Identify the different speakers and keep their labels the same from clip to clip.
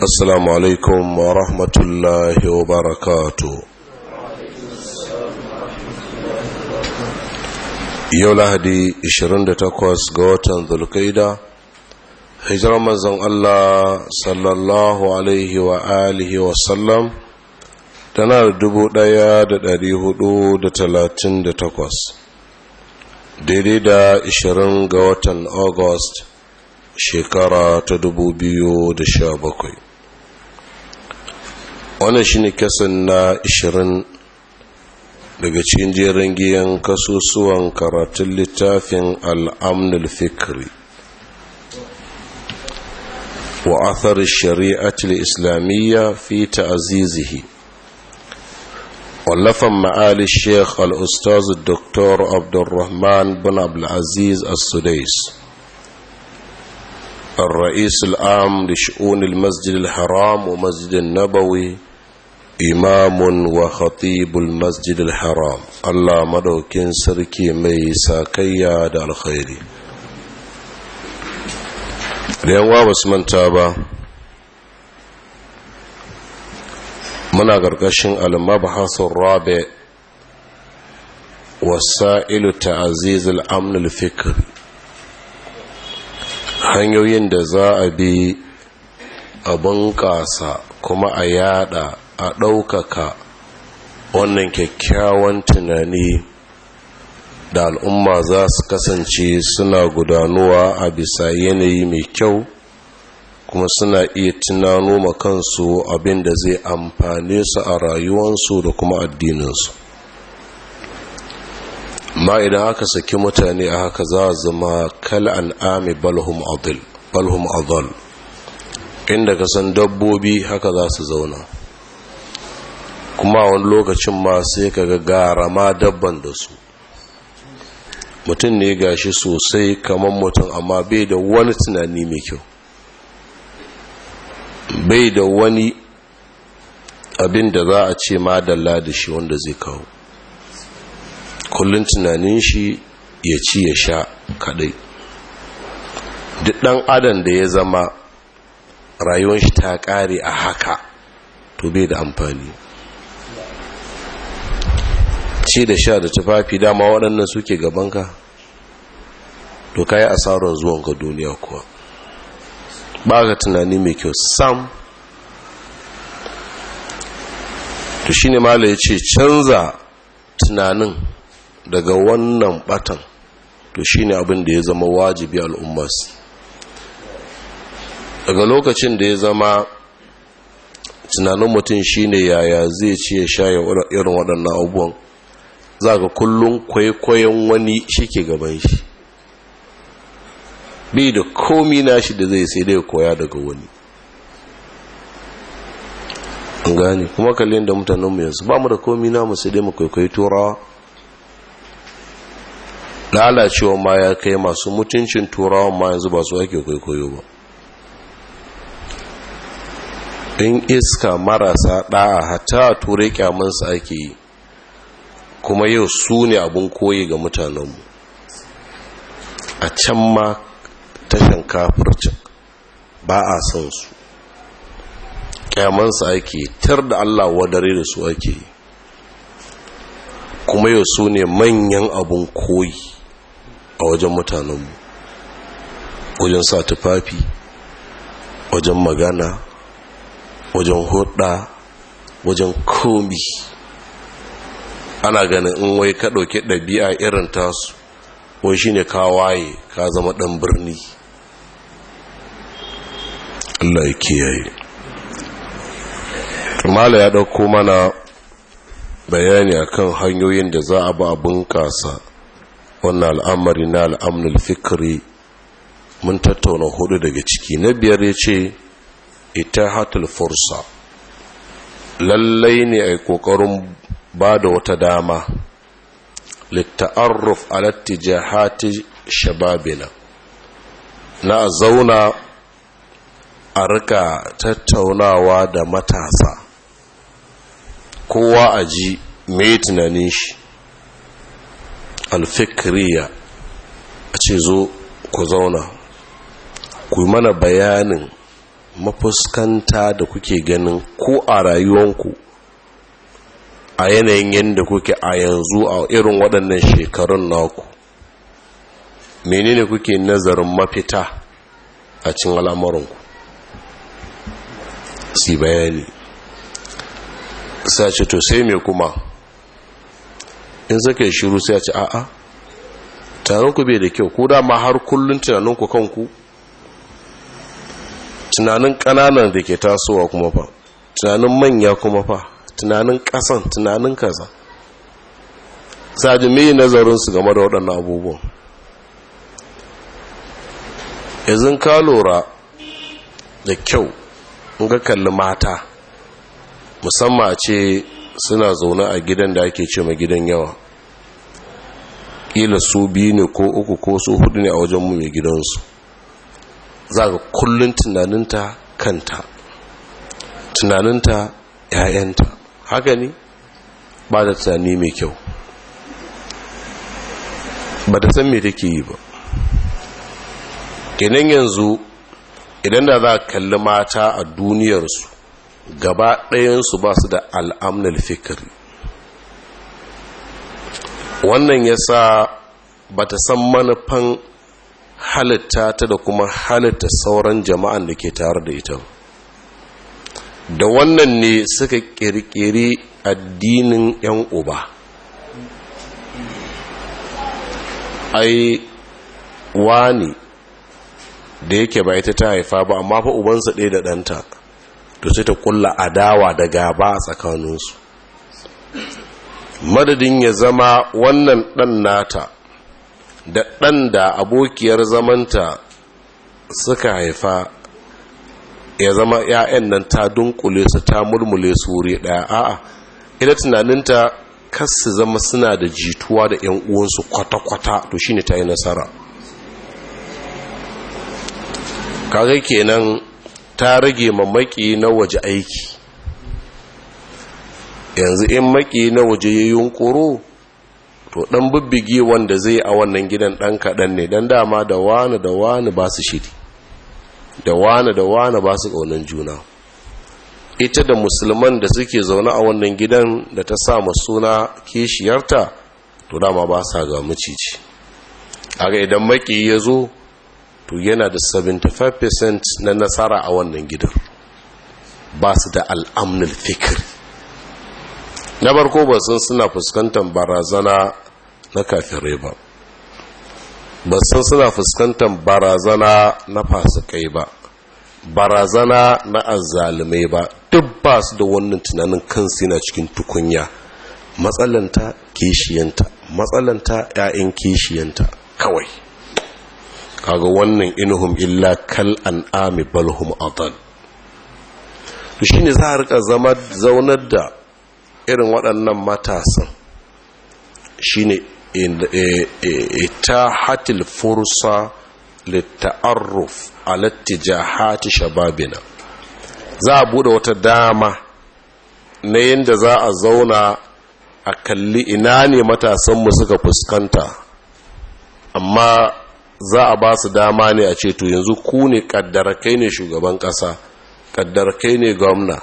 Speaker 1: assalamu alaikum wa rahmatullahi wa barakatu yau lahadi 28 ga watan zulkaida hijirar manzon Allah sallallahu tana da dubu ɗaya da dari hudu da talatin da takwas daidai da ishirin ga watan august shekara ta dubu biyu da sha bakwai wannan shine kasan na 20 daga cikin jerin giyan kasusuwan karatun littafin al'amnul fikri wa athar shari'atul islamiyya fi ta'azizihi wallafan ma'ali sheikh al-ustaz dr abdurrahman bin abdulaziz as-sudais الرئيس العام لشؤون المسجد الحرام ومسجد النبوي imamun wa khatibul masjid haram Allah madaukin sarki mai sakayya da alkhairi yawa ba su manta ba muna gargashin al-mabhasun Rabi wasa'ilu ta'azizul al-amn al-fikr hanyoyin da za a bi a bunƙasa kuma a yada a ɗaukaka wannan kyakkyawan tunani da al'umma za su kasance suna gudanuwa a bisa yanayi mai kyau kuma suna iya tunano ma kansu abin da zai amfane su a rayuwansu da kuma addininsu ma idan aka saki mutane a haka za a zama kal'an ami balhum adal inda ka san dabbobi haka za su zauna kuma wani lokacin ma sai ka gara ma dabban da su mutum ne gashi sosai kamar mutum amma bai da wani tunani mai kyau bai da wani abin da za a ce ma da shi wanda zai kawo kullum tunanin shi ya ci ya sha kadai duk dan adam da ya zama rayuwar shi ta kare a haka to bai da amfani ci da sha da tufafi dama waɗannan suke gabanka to ka yi asarar zuwanka duniya kuwa ba ga tunani mai kyau sam to shi ne mala ya ce canza tunanin daga wannan batan to shi ne abin da ya zama wajibi al'ummas daga lokacin da ya zama tunanin mutum shi ne yaya zai ce ya sha irin waɗannan abubuwan za ga kullum kwaikwayon wani shi ke gaban shi Bi da komi nashi da zai sai dai koya daga wani an gane kuma kallon da mutanenmu yanzu ba mu da komi namu sai dai mu kwaikwayi turawa lalacewa ma ya kai masu mutuncin turawa ma yanzu ba su ake kwaikwayo ba in iska marasa ɗa'a hata turai kyamansa ake yi kuma yau su ne abin koyi ga mutanenmu a can ma tashin kafircin ba a son su kyamansa ake tar da allah wadare da su ake yi kuma yau su ne manyan abin koyi a wajen mutanenmu wajen sa tufafi wajen magana wajen hudda wajen komi ana ganin in wai ka ɗauki ɗabi'a irin tasu wai shi ne ka waye ka zama ɗan birni Allah ya kiyaye mala ya ɗauko mana bayani akan hanyoyin da za a ba bunƙasa wannan al'amari na al'amnul fikiri mun tattauna hudu daga ciki na biyar ya ce ita hatul fursa lallai ne a ƙoƙarin ba da wata dama litta'arruf alattijahati shababina na zauna a rika tattaunawa da matasa kowa a ji mai shi alfikiriya a ce zo ku zauna ku mana bayanin mafuskanta da kuke ganin ko a rayuwanku a yanayin yadda kuke a yanzu a irin waɗannan shekarun naku menene kuke nazarin mafita a cin al'amurinku si bayani sace to sai me kuma in suke shiru sai a ci a'a tunaninku bai da kyau ko dama har kullum tunaninku kanku tunanin ƙananan da ke tasowa kuma fa tunanin manya kuma fa tunanin kasan tunanin kaza saji mai nazarinsu game da waɗannan abubuwan yanzu ka lura da kyau ga kalli mata musamman ce suna zaune a gidan da ake ce ma gidan yawa ƙila su biyu ne ko uku ko su hudu ne a wajen mu mai gidansu za ga kullum tunaninta kanta tunaninta ‘ya'yanta haka ne ba da tsani mai kyau ba ta san me take yi ba kenan yanzu idan da za kalli mata a duniyarsu gaba ɗayansu ba su da al'amnal fikiri wannan ya sa ba ta san manufan halitta ta da kuma halitta sauran jama'an da ke tare da ita ba da wannan ne suka kirkiri addinin 'yan uba ai wani da yake ba ita ta haifa ba amma fa ubansa ɗaya da ɗanta to sai ta kulla adawa da gaba a tsakaninsu madadin ya zama wannan ɗan nata da ɗan da abokiyar zamanta suka haifa ya zama 'ya'yan nan ta dunkule su ta mulmule su wuri ɗaya a'a ina tunaninta kas su zama suna da jituwa da 'yan uwansu kwata-kwata to shine ta yi nasara kaga kenan ta rage mamaki na waje aiki yanzu in maki na waje ya yunkuro to dan bibbige wanda zai a wannan gidan dan kaɗan ne dan dama da wani da wani ba su shiri da wane da wane ba su ƙaunin juna ita da musulman da suke zaune a wannan gidan da ta sa suna kishiyarta to dama ba sa ga macici aga idan maki ya zo to yana da 75% na nasara a wannan gidan ba su da al'amnul fikir na barko ba sun suna fuskantar barazana na kafirai ba ba san suna fuskantar barazana na fasikai ba barazana na azzalumai ba duk ba su da wannan tunanin kan yana cikin tukunya matsalanta kishiyanta matsalanta 'ya'yan kishiyanta kawai kaga wannan inuhum illa kal an'ami balhum adal to shine za a rika zama zaunar da irin waɗannan matasan shine ita hatil fursa litta'arruf اتجاهات shababina za a نين wata dama na yadda za a zauna a ina ne matasanmu suka fuskanta amma za a ba su dama ne a ce to yanzu ku ne kai ne shugaban ƙasa kai ne gwamna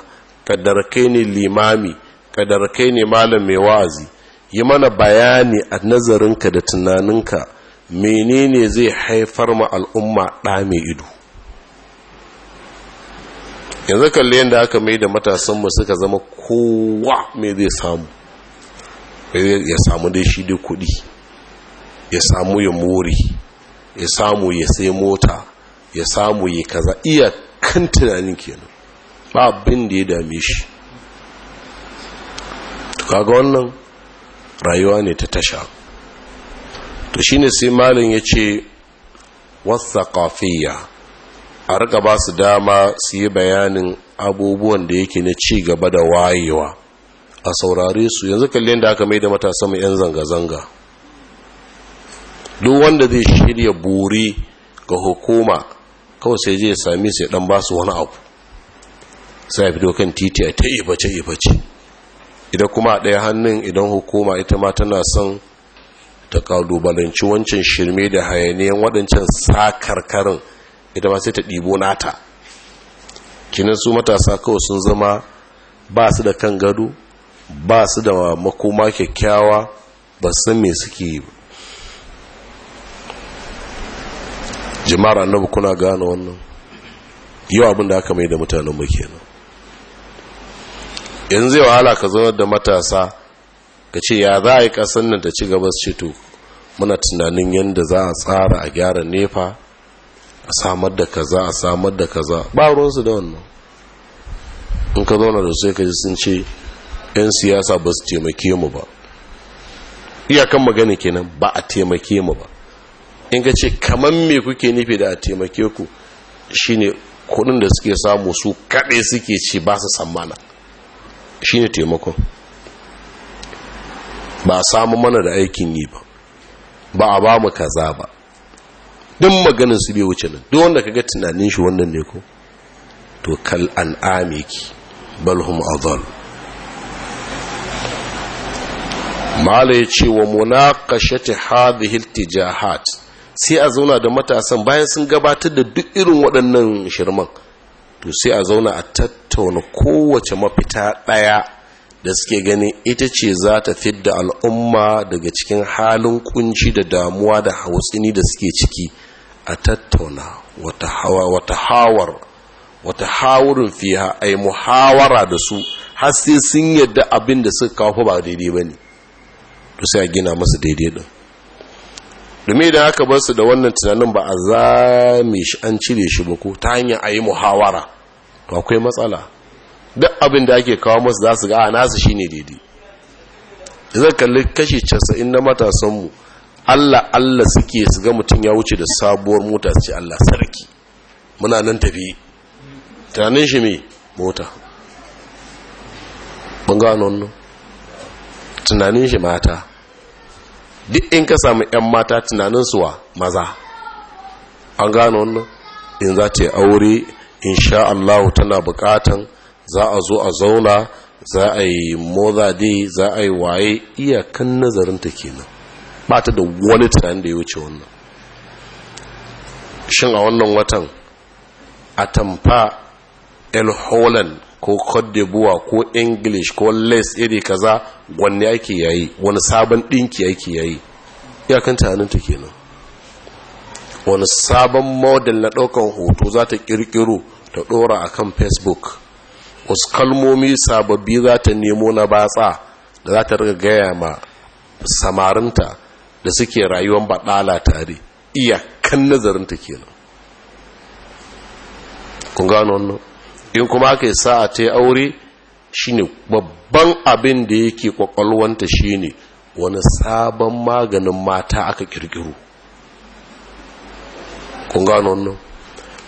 Speaker 1: kai ne limami kai ne malam mai wa'azi yi mana bayani a nazarinka da tunaninka menene zai haifar ma al'umma ɗa mai ido yanzu kalli yadda aka mai da matasanmu suka zama kowa mai zai samu ya samu dai shi dai kuɗi ya samu ya mori. ya samu ya sai mota ya samu ya kaza iya kan tunanin kenan ba abin da ya dame shi kaga wannan rayuwa ne ta tasha to shine sai malin ya ce wasaƙafiya a riga ba su dama su yi bayanin abubuwan da yake na ci gaba da wayewa a saurare su yanzu kallon da aka mai da matasa mai 'yan zanga-zanga duk wanda zai shirya buri ga hukuma kawai sai zai sami sai dan ba su wani abu sai fito kan titi a ta ibace ibace idan kuma a ɗaya hannun idan hukuma ita ma tana son ta kalubalanci wancan shirme da hayaniyan waɗancan sakarkarin ita ma sai ta ɗibo nata kinin su matasa kawai sun zama ba su da kan gado ba su da makoma kyakkyawa ba san me suke yi jama'ar annabu kuna gane wannan yau abin da aka mai da mutanen mu kenan yanzu zai wahala ka zaunar da matasa ka ce ya za a yi kasan nan ta ci gaba su to muna tunanin yadda za a tsara a gyara nefa a samar da kaza a samar da kaza ba ruwansu da wannan in ka zauna da sai ka ji sun ce 'yan siyasa ba su taimake mu ba iyakan magana kenan ba a taimake mu ba in ka ce kamar me kuke nufi da a taimake ku shine kudin da suke samu su kaɗai suke ci ba su sammana shine taimakon ba a samu mana da aikin yi ba ba a ba mu kaza ba ɗin maganin su bai wuce nan duk wanda ga tunanin shi wannan ne ko to kal an'ami ki bal hum adall mala yace wa munaqashati hadhihi iltijahat sai a zauna da matasan bayan sun gabatar da duk irin waɗannan shirman to sai a zauna a tattauna tattauna kowace mafita ɗaya da suke gani ita ce za ta fidda al'umma daga cikin halin kunci da damuwa da hautsini da suke ciki a tattauna wata hawa wata hawar wata hawurin fiha a yi muhawara da su har sai sun yadda abin da suka kawo ba daidai ba ne to sai a gina masa daidai din domin da aka bar su da wannan tunanin ba a zame shi an cire shi ba ko ta hanyar a yi muhawara to akwai matsala duk abin da ake kawo masu za su ga a ah, nasu shi ne daidai zai kalli kashi casa'in na matasanmu allah allah suke su ga mutum ya wuce da sabuwar mota su ce allah sarki muna nan tafi tunanin shi mai mota ban gano tunanin shi mata duk in ka samu 'yan mata tunanin suwa maza an gano wannan in za ta yi aure insha Allah tana bukatan za a zo a zauna za a yi moza dai za a yi waye iyakan nazarinta kenan ba ta da wani tunanin da ya wuce wannan shin a wannan watan a tamfa el holland ko kodebuwa ko english ko les iri kaza wani ake yayi wani sabon dinki ake yayi iyakan tunaninta kenan wani sabon model na daukan hoto za ta kirkiro ta ɗora a kan facebook wasu kalmomi sababbi za ta nemo na batsa da za ta gaya ma samarinta da suke rayuwan baɗala tare kan nazarinta kenan kun gano wannan in kuma aka yi sa'a ta aure shine babban abin da yake kwakwalwanta shine wani sabon maganin mata aka kirkiro kun gano wannan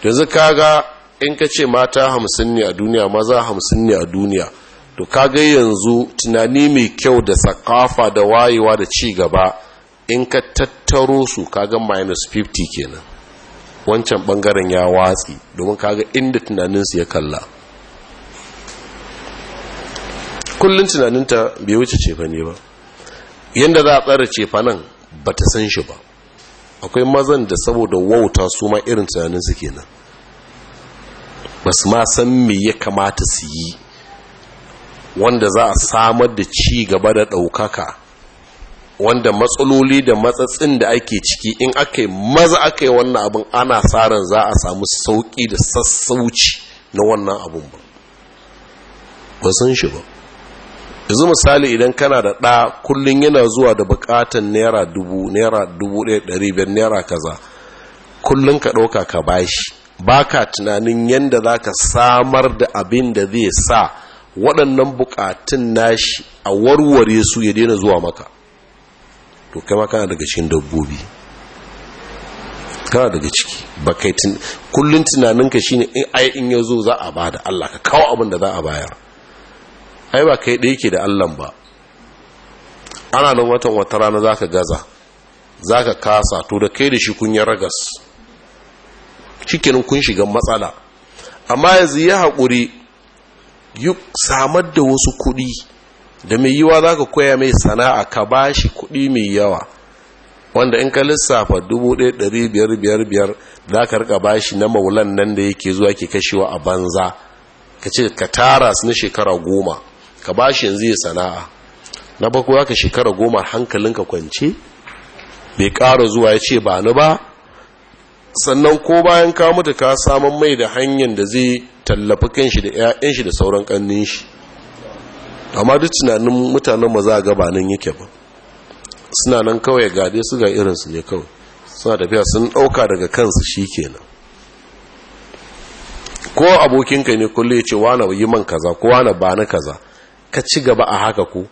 Speaker 1: yanzu kaga in ka ce mata hamsin ne a duniya maza hamsin ne a duniya to kaga yanzu tunani mai kyau da sakafa da wayewa da ci gaba in ka tattaro su kaga minus 50 kenan wancan bangaren ya watsi domin kaga inda tunaninsu ya kalla kullum tunaninta bai wuce cefa ne ba yadda za a tsara cefa nan ba ta san shi ba akwai mazan da saboda wauta su ma irin tunaninsu kenan ba ma san me ya kamata su yi wanda za a samar da ci gaba da ɗaukaka wanda matsaloli da matsatsin da ake ciki in aka yi maza aka yi wannan abin ana tsarin za a samu sauƙi da sassauci na wannan abin ba ba sun shi ba yanzu misali idan kana da ɗa kullum yana zuwa da bukatan naira dubu naira dubu ɗaya ɗari biyar naira kaza kullum ka ɗauka ka bashi baka tunanin yadda za ka samar da abin da zai sa waɗannan bukatun nashi a warware su ya daina zuwa maka to kai kana daga cikin dabbobi kana daga ciki ba kai tun kullun tunaninka shine in ai in yazo za a bada Allah ka kawo abin da za a bayar ai ba kai da yake da Allah ba ana nan watan wata rana zaka gaza zaka kasa to da kai da shi kun ya ragas Cikin kun shiga matsala amma yanzu ya haƙuri yi samar da wasu kuɗi da mai yiwa za ka koya mai sana'a ka ba shi kuɗi mai yawa wanda in ka lissafa 1,500 za ka rika ba shi na maulan nan da yake zuwa ke kashewa a banza ka ce ka tara su na shekara goma ka ba shi yanzu ya sana'a na bako ka shekara goma hankalinka kwance bai ƙara zuwa ya ce ba ni ba sannan ko bayan ka mutu ka saman mai da hanyar da zai tallafi kanshi da 'ya'yan shi da sauran kannin shi amma duk tunanin mutanen maza ga ba nan yake ba suna nan kawai gade su ga irinsu ne kawai suna tafiya sun ɗauka daga kansu shi kenan ko abokinka ne kulle yace ce wane yi man kaza ko wane ba na kaza ka ci gaba a haka ku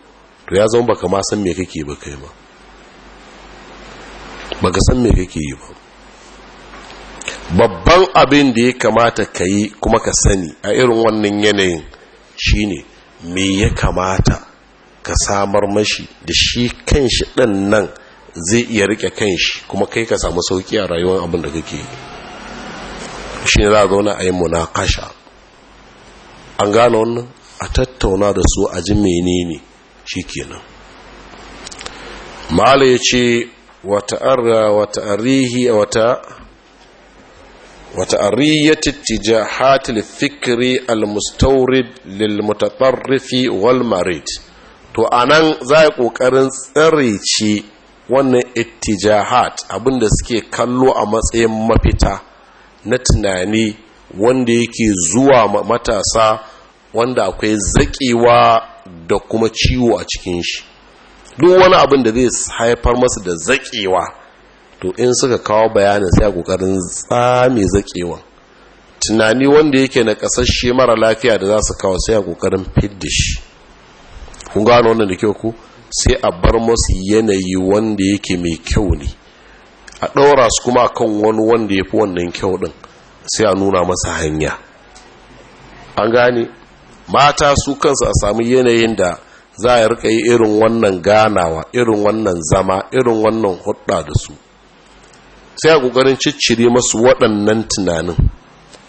Speaker 1: to ya zama baka ma san me kake ba kai ba baka san me kake yi ba babban abin da ya kamata ka yi kuma ka sani a irin wannan yanayin shine me ya kamata ka samar mashi da shi kanshi ɗan nan zai iya rike kanshi kuma kai ka samu sauki a rayuwar abin da kake shi ne za a zauna a yi kasha? an gane wannan a tattauna da su a ji menene shi kenan mala ya ce wata arra wata wata وتأرية اتجاهات الفكر المستورد للمتطرف والمريض to anan za a ƙoƙarin tsirrici wannan ittijahat da suke kallo a matsayin mafita na tunani wanda yake zuwa matasa wanda akwai zaƙewa da kuma ciwo a cikin shi duk wani abin da zai haifar masa da zaƙewa to in suka kawo bayanin sai a kokarin tsami zakewa tunani wanda yake na kasashe mara lafiya da za su kawo sai a kokarin fiddish kun gano wannan da kyau ku sai a bar masu yanayi wanda yake mai kyau ne a ɗaura su kuma kan wani wanda ya fi wannan kyau ɗin sai a nuna masa hanya an gane mata su kansu a sami yanayin da za a rika yi irin wannan ganawa irin wannan zama irin wannan hudda da su sai a kokarin ciccire masu waɗannan tunanin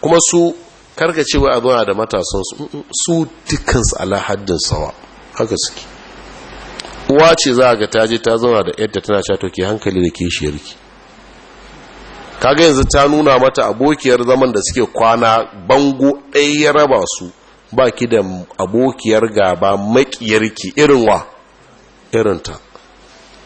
Speaker 1: kuma su karka cewa a zuwa da matasan mm, mm, su dukansu ala haddin sawa haka suke uwa ce za a ga ta je ta zauna da yadda tana cato ke hankali da kishiyarki kaga yanzu ta nuna mata abokiyar zaman da suke kwana bango ɗaya ya raba su ba ki da abokiyar gaba ki irin wa irinta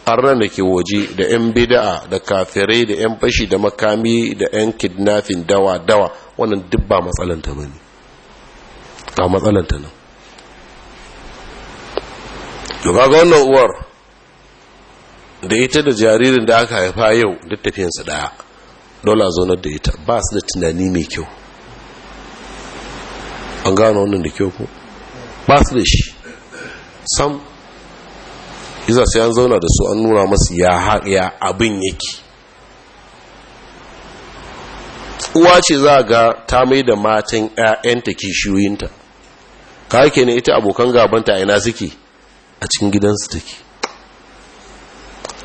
Speaker 1: arran da ke waje da 'yan bida'a da kafirai da 'yan fashi da makami da 'yan kidnafin dawa-dawa wannan duk ba matsalanta ba ne ba matsalanta nan duka ga wannan uwar da ita da jaririn da aka haifa yau da tafiyansa daya dola zonar da ita ba su da tunani mai kyau an gano wannan da kyau ko ba su da shi sam iza sai an zauna da su an nuna masu ya haɗiya abin yake uwa ce za ga ta mai da matan 'ya'yanta kishiyoyinta ka hake ne ita abokan gabanta a ina suke a cikin gidansu take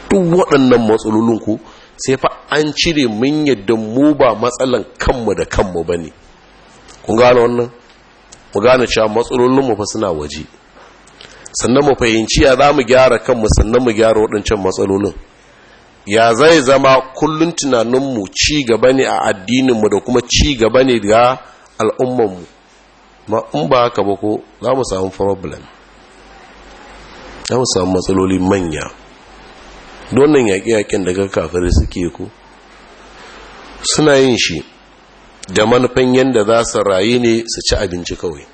Speaker 1: duk waɗannan matsalolin ku sai fa an cire mun yadda mu ba matsalan kanmu da kanmu ba ne kun gane wannan mu gane cewa matsalolinmu fa suna waje sannan mu fahimci ya za mu gyara kanmu sannan mu gyara waɗancan matsalolin ya zai zama kullum tunaninmu ci gaba ne a addininmu da kuma ci gaba ne ga al'ummanmu ma in ba haka ba ko za mu samu problem za mu samu matsaloli manya donan yaƙe-yaƙen daga kafirai suke ku suna yin shi da manufan yadda za su rayu ne su ci abinci kawai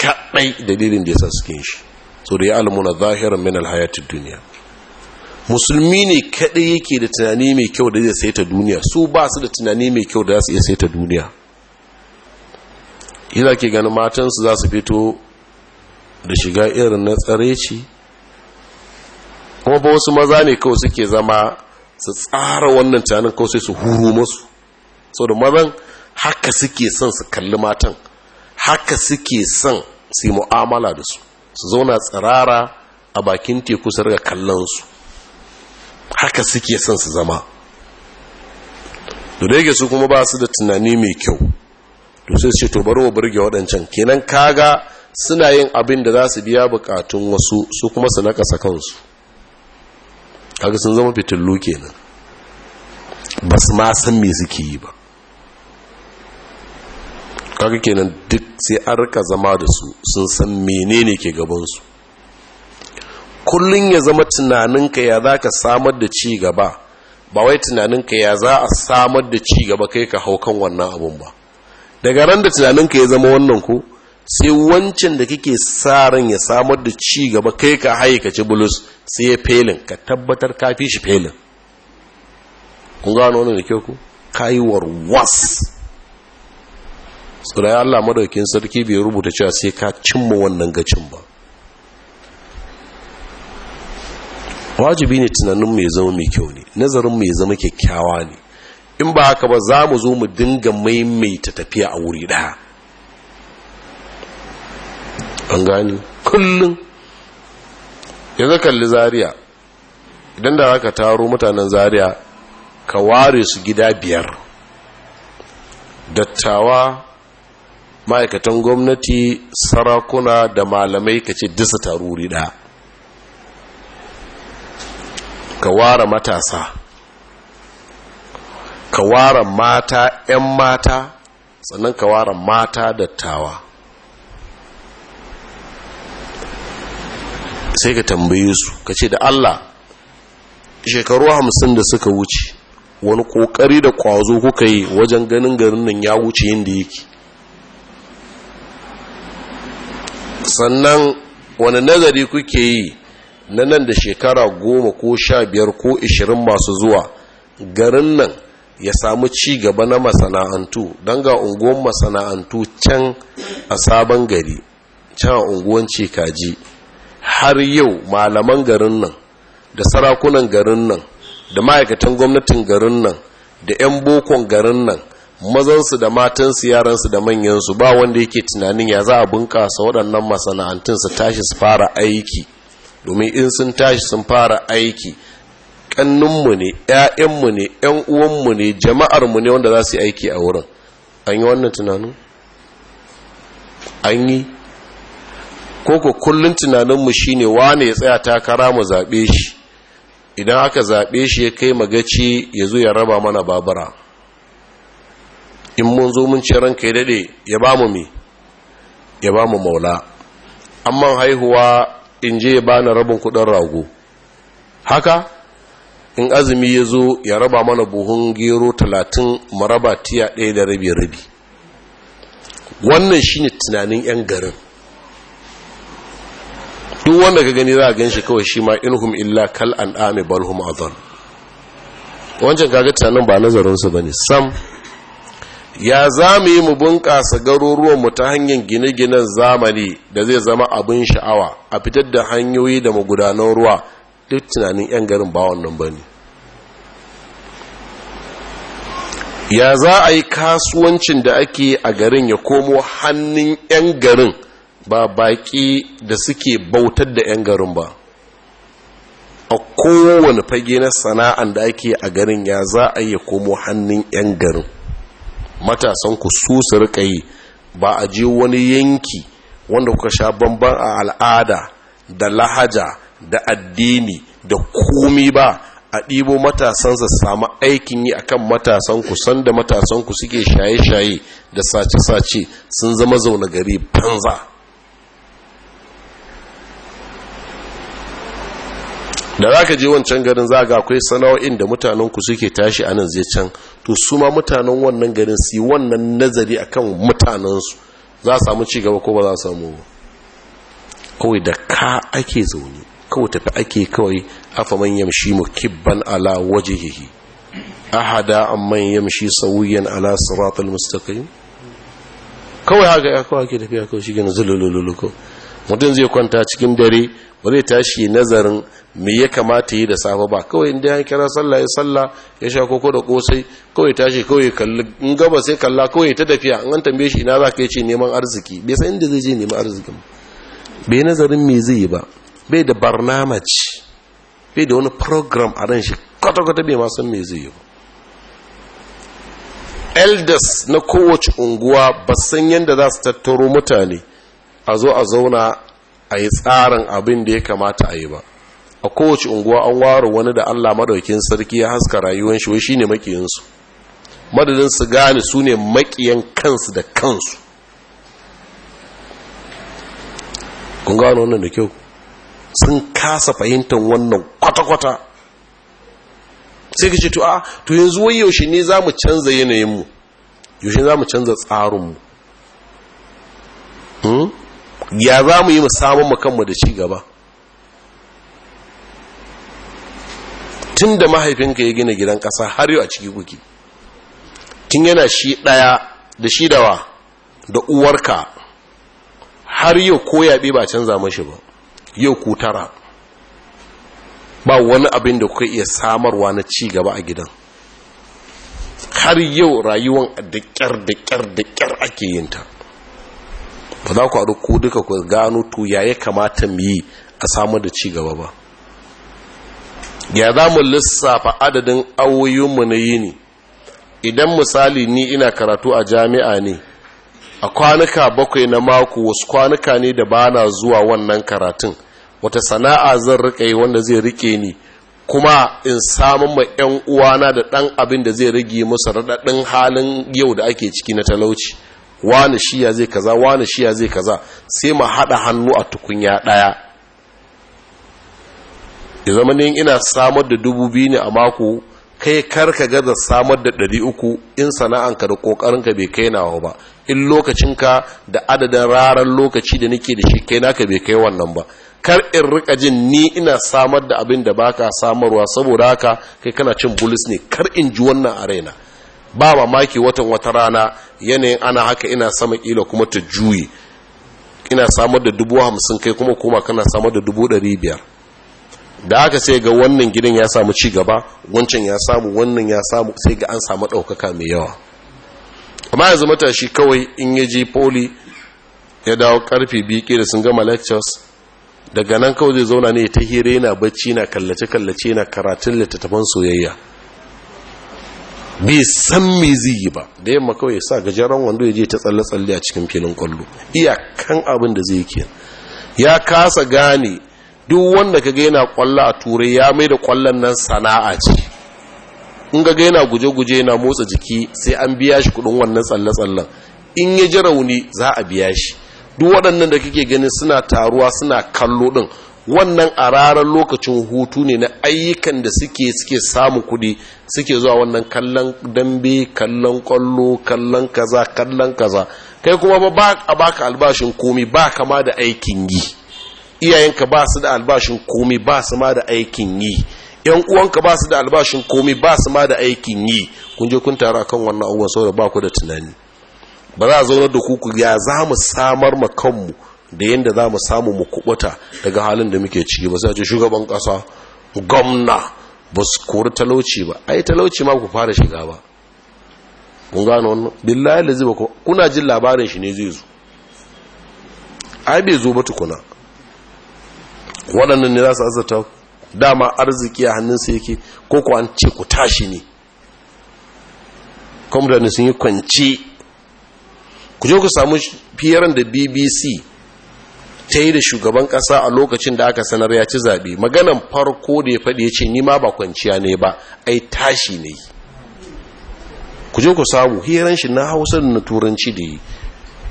Speaker 1: kaɗai dalilin da ya sa suke shi so da ya almuna zahirar min alhayatun duniya musulmi ne kaɗai yake da tunani mai kyau da zai saita duniya su ba su da tunani mai kyau da za su iya saita duniya yadda ke ganin matansu za su fito da shiga irin na tsare ci kuma ba wasu maza ne kawai suke zama su tsara wannan tunanin kawai sai su huru masu sau da mazan haka suke son su kalli matan haka suke son su yi mu'amala da su su zauna tsirara a bakin teku su riga kallon su haka suke son su zama da yake su kuma ba su da tunani mai kyau to sai ce to bari mu burge waɗancan kenan kaga suna yin abin da za su biya bukatun wasu su kuma su nakasa kansu kaga sun zama fitillu kenan ba su ma san me suke yi ba kaga kenan duk sai an rika zama da su sun san menene ke gabansu kullum ya zama tunaninka ya za ka samar da ci gaba ba wai tunaninka ya za a samar da ci gaba kai ka hau kan wannan abun ba daga ran da tunaninka ya zama wannan ko sai wancan da kike sa ran ya samar da ci gaba kai ka haye ka bulus sai ya felin ka tabbatar ka fi shi felin kun gano wannan da kyau ku kayuwar was tsirai Allah madaukin sarki bai rubuta cewa sai ka cimma wannan gacin ba wajibi ne tunanin mai zama mai kyau ne nazarin mai zama kyakkyawa ne in ba haka ba za mu zo mu dinga maimaita tafiya a wuri daya. an gani kullum yanzu kalli zariya idan da aka taro mutanen zariya ka ware su gida biyar dattawa ma'aikatan gwamnati sarakuna da malamai ka ce disa taruri ɗaya ka ware matasa ka ware mata 'yan mata sannan ka ware mata dattawa sai ka tambaye su ka ce da Allah shekaru hamsin da suka wuce wani kokari da kwazo kuka yi wajen ganin garin nan ya wuce da yake sannan wani nazari kuke yi na nan da shekara goma ko sha biyar ko ishirin masu zuwa garin nan ya samu ci gaba na masana'antu don ga unguwan masana'antu can a sabon gari can a unguwan cikaji har yau malaman garin nan da sarakunan garin nan da ma'aikatan gwamnatin garin nan da 'yan bokon garin nan mazansu da matansu yaransu da manyansu ba wanda yake tunanin ya za a bunƙasa waɗannan masana'antun su tashi su fara aiki domin in sun tashi sun fara aiki ƙannunmu ne ‘ya'yanmu ne ‘yan uwanmu ne jama'armu ne wanda za su yi aiki a wurin an yi wannan tunanin an yi koko kullum tunaninmu shi ne wane ya tsaya takara mu zaɓe shi idan aka zaɓe shi ya kai magaci ya zo ya raba mana babura in mun zo mun ce ranka ya dade ya ba mu me ya ba mu maula amma haihuwa in je ya bani rabin kudin rago haka in azumi ya zo ya raba mana buhun gero talatin maraba tiya ɗaya da rabi rabi wannan shine tunanin 'yan garin duk wanda ka gani za a gan shi kawai shi ma inhum illa kal an ame balhum azal wancan kaga tunanin ba nazarinsu ba ne sam ya za mu yi mu bunƙasa garuruwanmu ta hanyar gine-ginen zamani da zai zama abin sha'awa a fitar da hanyoyi da magudanan ruwa duk tunanin 'yan garin ba wannan ba ne ya za a yi kasuwancin da ake a garin ya komo hannun 'yan garin ba baƙi da suke bautar da 'yan garin ba a kowane fage na sana'an da ake a garin ya za a yi komo hannun 'yan garin matasan ku su su rika yi ba a je wani yanki wanda kuka sha bamban a al'ada da lahaja da addini da komi ba a ɗibo matasansa samu aikin yi akan matasan ku sanda ku suke shaye-shaye da sace-sace sun zama zaune gari banza da za ka je wancan garin za ga akwai sana'o'in da mutanen ku suke tashi anan zai can to su ma mutanen wannan garin su yi wannan nazari akan mutanensu za a samu cigaba ko ba za a samu kawai da ka ake zaune kawai tafi ake kawai afa man yamshi kibban ala waje wajhihi ahada man yamshi sawiyan ala siratal mustaqim kawai haka ya kawai ake tafiya kawai shi gina zulululu mutum zai kwanta cikin dare ba zai tashi nazarin me ya kamata yi da safe ba kawai inda ya kira sallah ya sallah ya sha koko da kosai kawai tashi kawai kalli in gaba sai kalla kawai ta tafiya an an tambaye shi ina za ka ce neman arziki bai san inda zai je neman arziki. bai nazarin me zai yi ba bai da barnamaj bai da wani program a ran shi kwata-kwata bai ma san me zai yi ba elders na kowace unguwa ba san yadda za su tattaro mutane a zo a zauna a yi tsarin abin da ya kamata a yi ba a kowace unguwa an ware wani da Allah madaukin sarki ya haska rayuwar shi wai shine makiyinsu madadin su gane su ne makiyan kansu da kansu kun gano wannan da kyau sun kasa fahimtar wannan kwata-kwata sai ka ce to a to yanzu wai yaushe ne za mu canza yanayinmu yaushe za mu canza tsarinmu hmm? ya za mu yi mu makamma mu kanmu da ci gaba tun da mahaifinka ya gina gidan ƙasa har yau a ciki kuke tun yana shi ɗaya da shi dawa da uwarka har yau ko yaɓe ba canza mashi ba yau ku tara ba wani abin da kuka iya samarwa na ci gaba a gidan har yau rayuwan da ƙyar da ƙyar da ƙyar ake yin ta ba za ku haɗu ku duka ku gano to ya ya kamata mu yi a samar da ci gaba ba ya za mu lissafa adadin awoyinmu na yini idan misali ni ina karatu a jami'a ne a kwanuka bakwai na mako wasu kwanuka ne da ba na zuwa wannan karatun wata sana'a zan rika yi wanda zai rike ni kuma in samun ma 'yan uwana da ɗan abin da zai rage musu raɗaɗin halin yau da ake ciki na talauci wani shiya zai kaza wani shiya zai kaza sai mu haɗa hannu a tukunya ɗaya ya zama ne ina samar da dubu biyu ne a mako kai kar ka gaza samar da ɗari uku in sana'anka da ƙoƙarinka bai kai nawa ba in lokacinka da adadin raran lokaci da nake da shi kai naka bai kai wannan ba kar in rika jin ni ina samar da abin da baka samarwa saboda haka kai kana cin bulis ne kar in ji wannan a raina ba mamaki watan wata rana yanayin ana haka ina sama kila kuma ta juyi ina samar da dubu hamsin kai kuma kuma kana samar da dubu ɗari biyar da aka sai ga wannan gidan ya samu ci gaba wancan ya samu wannan ya samu sai ga an samu ɗaukaka mai yawa amma yanzu matashi kawai in ya ji poli ya dawo karfe biyu da sun gama lectures daga nan kawai zai zauna ne ta hira yana bacci na kallace-kallace na karatun littattafan soyayya bai san me zai yi ba da yamma kawai ya sa gajeren wando ya je ta tsalle-tsalle a cikin filin kwallo iyakan abin da zai yi ya kasa gane duk wanda kaga yana kwallo a turai ya mai da kwallon nan sana'a ce in ga yana guje-guje yana motsa jiki sai an biya shi kudin wannan tsalle-tsallen in ya ji rauni za a biya shi duk waɗannan da kake ganin suna taruwa suna kallo ɗin wannan a ranar lokacin hutu ne na ayyukan da suke suke samun kuɗi suke zuwa wannan kallon dambe kallon kwallo kallon kaza kallon kaza kai kuma ba a baka albashin komi ba kama da aikin yi iyayenka ba su da albashin komi ba su ma da aikin yi yan uwanka ba su da albashin komi ba su ma da aikin yi kun je kun taru akan wannan abubuwan saboda ba ku da tunani ba za a zaunar da ku ya za mu samar ma kanmu da yadda za mu samu mu kubuta daga halin da muke ciki ba sai ce shugaban kasa gwamna ba su kori talauci ba ai talauci ma ku fara shiga ba kun gano wannan billahi lazi ba kuna jin labarin shi ne zai zo ai bai zo ba tukuna waɗannan ne za su azata dama arziki a hannunsa yake ko kuwa an ce ku tashi ne kwamfani sun yi kwanci ku je ku samu fiyaran da bbc ta yi da shugaban ƙasa a lokacin da aka sanar ya ci zaɓe maganan farko da ya faɗi ya ce nima ba kwanciya ne ba ai tashi ne ku je ku samu hiran shi na hausa da na turanci da yi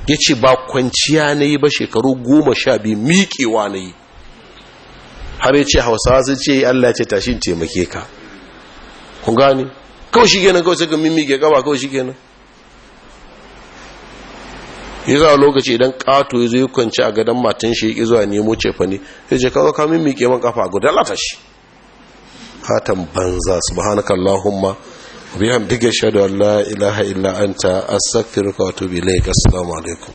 Speaker 1: ya ce ba kwanciya na ba shekaru goma sha biyu miƙewa na yi har ya ce hausawa sun ce allah ce tashin taimake ka ku gani kawai shi kenan kawai mimmi mimmike gaba kawai shi kenan yi za a lokaci idan ƙato ya zo yi kwanci a gadon matan shi ya zuwa nemo cefa ne sai ce kawai mimmi miƙe man kafa a guda lata shi hatan banza subhanaka allahumma bihamdika shadu an la ilaha illa anta astaghfiruka wa atubu ilayk assalamu alaikum